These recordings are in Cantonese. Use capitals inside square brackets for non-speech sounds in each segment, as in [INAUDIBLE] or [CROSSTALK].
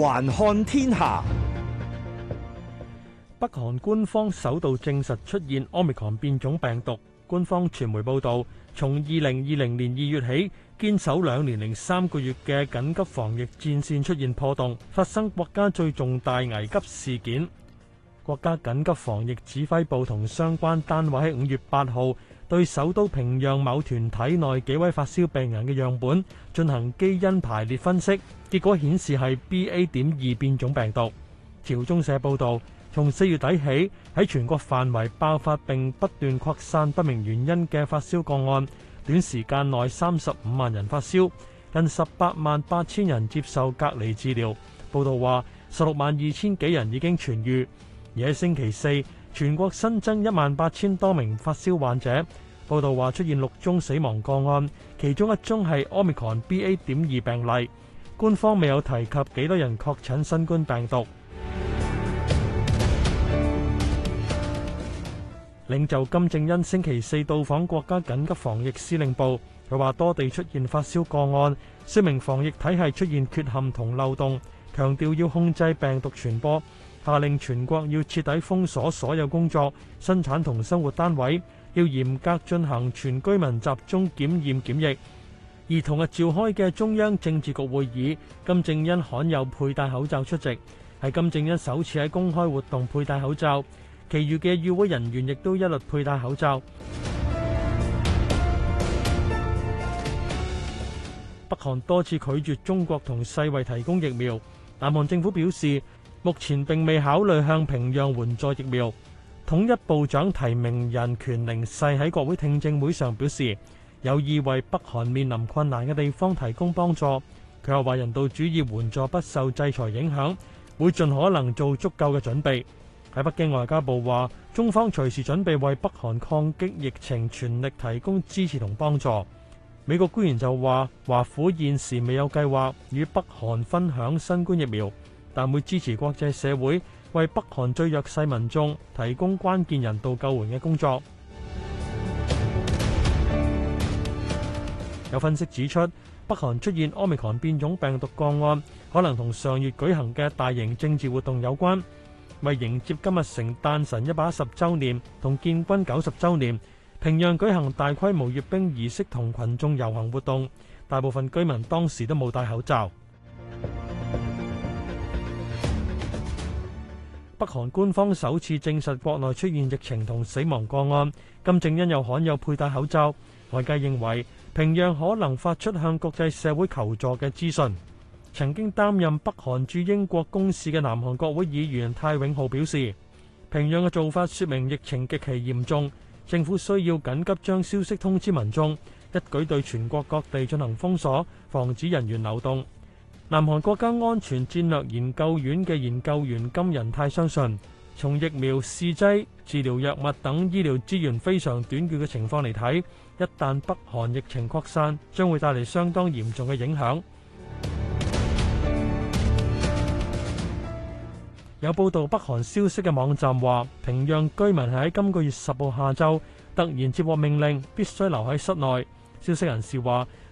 環看天下，北韓官方首度證實出現 Omicron 變種病毒。官方傳媒報道，從二零二零年二月起，堅守兩年零三個月嘅緊急防疫戰線出現破洞，發生國家最重大危急事件。國家緊急防疫指揮部同相關單位喺五月八號，對首都平壤某團體內幾位發燒病人嘅樣本進行基因排列分析，結果顯示係 BA.2 變種病毒。朝中社報道，從四月底起喺全國範圍爆發並不斷擴散不明原因嘅發燒個案，短時間內三十五萬人發燒，近十八萬八千人接受隔離治療。報道話，十六萬二千幾人已經痊愈，而喺星期四。全國新增一萬八千多名發燒患者，報道話出現六宗死亡個案，其中一宗係 Omicron BA.2 病例。官方未有提及幾多人確診新冠病毒。 [NOISE] 領袖金正恩星期四到訪國家緊急防疫司令部，佢話多地出現發燒個案，說明防疫體系出現缺陷同漏洞，強調要控制病毒傳播。下令全國要徹底封鎖所有工作、生產同生活單位，要嚴格進行全居民集中檢驗檢疫。而同日召開嘅中央政治局會議，金正恩罕有佩戴口罩出席，係金正恩首次喺公開活動佩戴口罩，其餘嘅與會人員亦都一律佩戴口罩。 [MUSIC] 北韓多次拒絕中國同世衛提供疫苗，南韓政府表示，目前並未考慮向平壤援助疫苗。統一部長提名人權寧世喺國會聽證會上表示，有意為北韓面臨困難嘅地方提供幫助。佢又話：人道主義援助不受制裁影響，會盡可能做足夠嘅準備。喺北京外交部話，中方隨時準備為北韓抗擊疫情全力提供支持同幫助。美國官員就話，華府現時未有計劃與北韓分享新冠疫苗。但會支持國際社會為北韓最弱勢民眾提供關鍵人道救援嘅工作。有分析指出，北韓出現奧密克戎變種病毒個案，可能同上月舉行嘅大型政治活動有關。為迎接金日成誕辰一百一十週年同建軍九十週年，平壤舉行大規模閱兵儀式同羣眾遊行活動，大部分居民當時都冇戴口罩。北韓官方首次證實國內出現疫情同死亡個案，金正恩又罕有佩戴口罩。外界認為平壤可能發出向國際社會求助嘅資訊。曾經擔任北韓駐英國公使嘅南韓國會議員太永浩表示，平壤嘅做法說明疫情極其嚴重，政府需要緊急將消息通知民眾，一舉對全國各地進行封鎖，防止人員流動。南韓國家安全戰略研究院嘅研究員金仁泰相信，從疫苗試劑、治療藥物等醫療資源非常短缺嘅情況嚟睇，一旦北韓疫情擴散，將會帶嚟相當嚴重嘅影響。有報道北韓消息嘅網站話，平壤居民係喺今個月十號下晝突然接獲命令，必須留喺室內。消息人士話，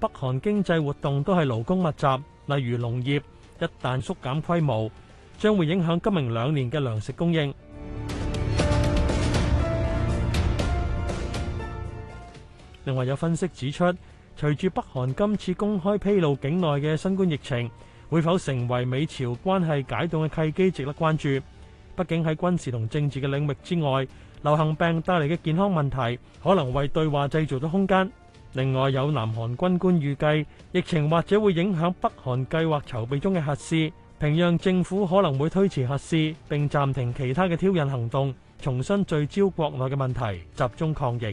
北韓經濟活動都係勞工密集，例如農業，一旦縮減規模，將會影響今明兩年嘅糧食供應。另外，有分析指出，隨住北韓今次公開披露境內嘅新冠疫情，會否成為美朝關係解凍嘅契機，值得關注。畢竟喺軍事同政治嘅領域之外，流行病帶嚟嘅健康問題，可能為對話製造咗空間。另外，有南韓軍官預計，疫情或者會影響北韓計劃籌備中嘅核試，平壤政府可能會推遲核試，並暫停其他嘅挑釁行動，重新聚焦國內嘅問題，集中抗疫。